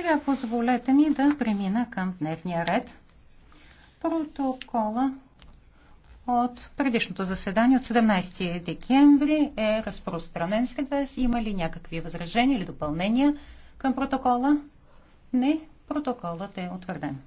Сега позволете ми да премина към дневния ред. Протокола от предишното заседание от 17 декември е разпространен сред вас. Има ли някакви възражения или допълнения към протокола? Не, протоколът е утвърден.